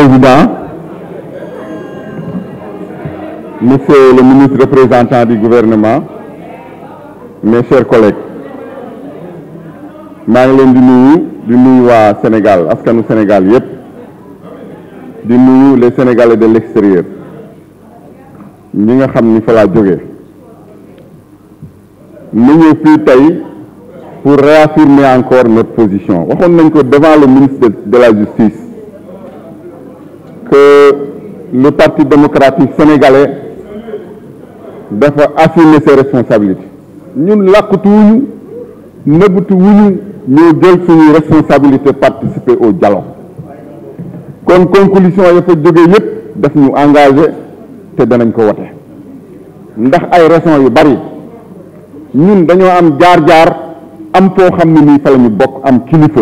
Président, Monsieur le ministre représentant du gouvernement, mes chers collègues maa ngi di nuyu di nuyu Sénégal askanu Sénégal les Sénégalais de l'extérieur nous avons fait la fa Nous jógee plus de pour réaffirmer encore notre position Nous nañ que devant le ministre de la justice le Parti démocratique sénégalais dafa assumer ses responsabilités ñun làkkutuwuñu nëbbutuwuñu ñoo jël suñuy responsabilité participer au dialogue kon conclusion ya fa jóge yëpp daf ñu engage te danañ ko wote ndax ay raison yu bari ñun dañoo am jaar-jaar am foo xam ne nii fa la ñu bokk am kilifa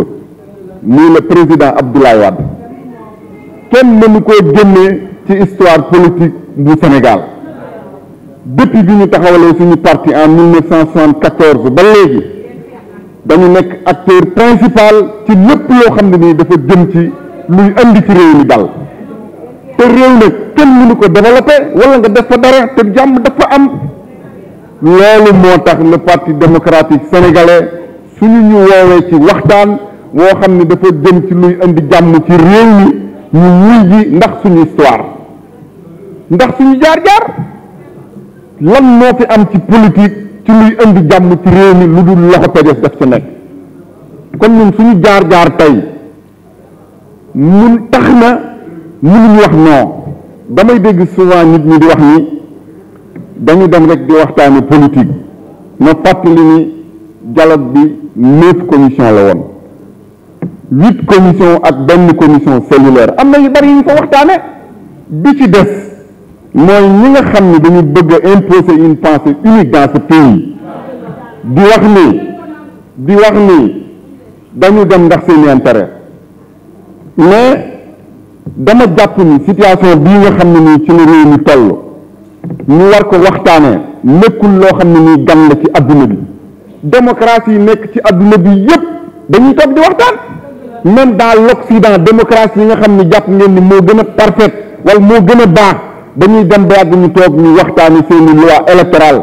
muy le président Abdoulaye Wade kenn mënu koo génnee ci histoire politique du Sénégal depuis bi ñu taxawalee suñu parti en 1974 ba légui dañu nek acteur principal ci lepp lo xam ni dafa jëm ci luy andi ci réew mi dal Té réew nag kenn mënu ko développer wala nga def fa dara té jamm dafa am lolu motax le parti démocratique sénégalais suñu ñu wowe ci waxtaan wo xamni dafa jëm ci luy andi jamm ci réew mi ñu wuy ji ndax suñu histoire ndax suñu jaar-jaar lan moo fi am ci politique ci luy indi jàmm ci réew mi lu dul loxo PDS def ci nekk kon ñun suñu jaar-jaar tey mun tax na mënuñu wax non damay dégg souvent nit ñi di wax ni dañu dem rek di waxtaane politique ma fàttali ni dialogue bi neuf commission la woon huit commission ak benn commission cellulaire am na yu bari yu ñu ko waxtaane bi ci des mooy ñi nga xam ne dañu bëgg a imposer une pensée unique dans ce pays di wax ni di wax ni dañu dem ndax seeni intérêt mais dama jàpp ni situation bii nga xam ne nii ci la réew mi toll ñu war ko waxtaanee nekkul loo xam ne nii gan la ci adduna bi démocratie nekk ci adduna bi yépp dañuy toog di waxtaan même dans l'Occident démocratie yi nga xam ne jàpp ngeen ni moo gën a parfaite wala moo gën a baax dañuy dem ba yàgg ñu toog ñu waxtaani seeni loi électorale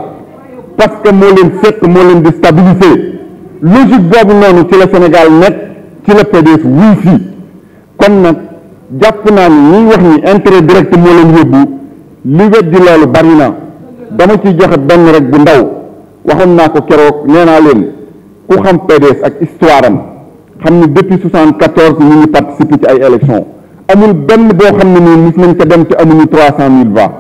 parce moo leen fekk moo leen di stabiliser logique boobu noonu ci la Sénégal nekk ci la PDS wuy kon nag jàpp naa ni ñuy wax ni intérêt direct moo leen yóbbu li wet di loolu bari na dama ciy joxe benn rek bu ndaw waxoon naa ko keroog nee naa leen ku xam PDS ak histoire am xam ni depuis soixante quatorze ñu ngi participer ci ay élections amul benn boo xam ne nii mus nañ ko dem te amuñu trois cent mille voix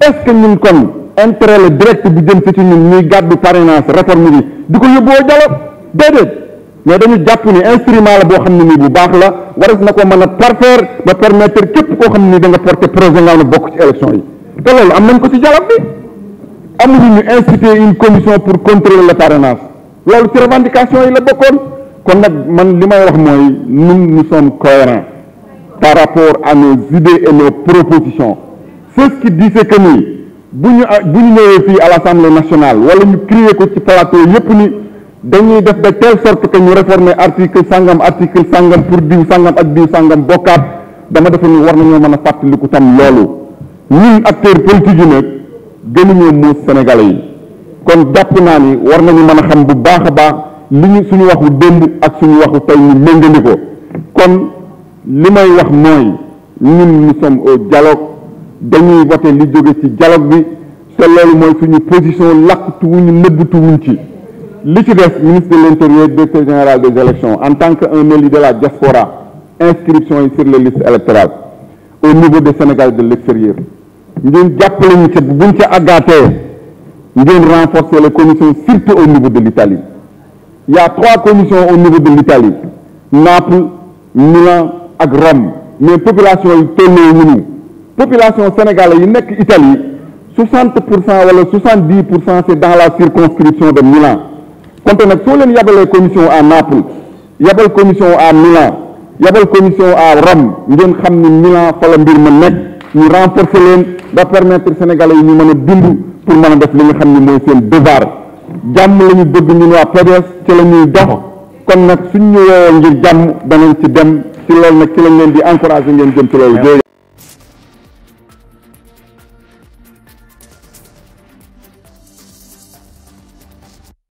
est-ce que ñun kon intérêt la direct bu jëm ci ci ñun ñuy gàddu parrainage réforme bi di ko yóbboo dialogue déedéet mais dañu jàpp ni instrument la boo xam ne nii bu baax la waras na ko mën a parfaire ba permettre képp koo xam ne nii danga nga porter projet nga am bokk ci élection yi te loolu am nañ ko ci dialogue bi amuñu ñu instituer une commission pour contrôler le parrainage loolu ci revendication yi la bokkoon kon nag man li may wax mooy ñun nous sommes cohérents par rapport à nos idées et nos propositions c'est ce qui disait bu ñu bu ñu ñëwee fii à l'Assemblée nationale wala ñu crier ko ci plateau yépp ni dañuy def de telle sorte que ñu réformer article sangam article sangam pour diw sangam ak diw sangam bokkaat dama defe ni war nañoo mën a fàttaliku tam loolu ñun acteurs politiques yi nag gënuñoo muus sénégalais yi kon jàpp naa ni war nañu mën a xam bu baax a baax li suñu waxu démb ak suñu waxu tey ñu méngandi ko kon li may wax mooy ñun nous sommes au dialogue dañuy vote li jóge ci dialogue bi te loolu mooy suñu position làkktuwuñu nëbbtuwuñ ci li ci def ministre de l'intérieur directeur général des élections en tant que un élu de la diaspora inscription sur les listes électorales au niveau de Sénégal de l'extérieur ngeen jàppale ñu ca buñ ca àggaatee ngeen renforcer les commissions surtout au niveau de l'Italie il y a trois commissions au niveau de l'Italie Naples Milan ak Rome mais population yi tolloo wuñu yi nekk Italie soixante pour cent wala soixante dix pour cent c'est dans la circonscription de Milan konte nag soo leen yabalee commission à Naples yabal commission à Milan yabal commission à Rome ngeen xam ni Milan fa mbir ma nekk ñu renforcer leen da permettre sénégalais yi ñu mën a dund pour mën a def li nga xam ni mooy seen devoir jàmm la ñu bëgg ñun waa PDS ci la ñuy dox kon nag suñ ñu woowoo ngir jàmm danañ ci dem ci loolu nag ci lañ leen di encouragé ngeen jëm ci loolu